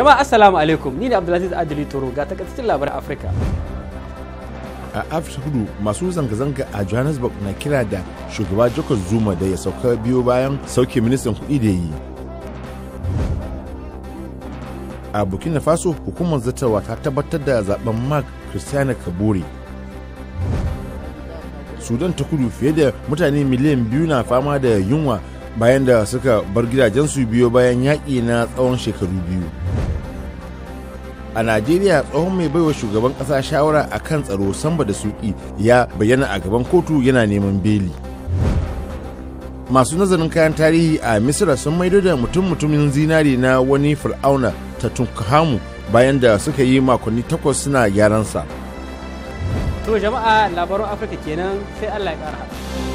Jama'a Assalamu alaikum ni ne Abdulaziz Adili Toro ga takaitaccen labaran Afirka. A Afirka Kudu masu zanga-zanga a Johannesburg na kira da shugaba Jacob Zuma da ya sauka biyo bayan sauke ministan kuɗi da yi. A Burkina Faso hukumar zata ta tabbatar da zaben Mark Christiana Kabore sudan ta kudu fiye da mutane miliyan biyu na fama da yunwa bayan da suka bar gidajensu biyo bayan yaƙi na tsawon shekaru biyu a najeriya tsohon mai baiwa shugaban kasa shawara a kan tsaro samba da suki ya bayyana a gaban kotu yana neman beli masu nazarin kayan tarihi a misira sun maido da mutum-mutumin zinari na wani fir'auna ta tunkahamu bayan da suka yi makonni takwas suna gyaransa to jama'a labaran afirka kenan sai allah ya kara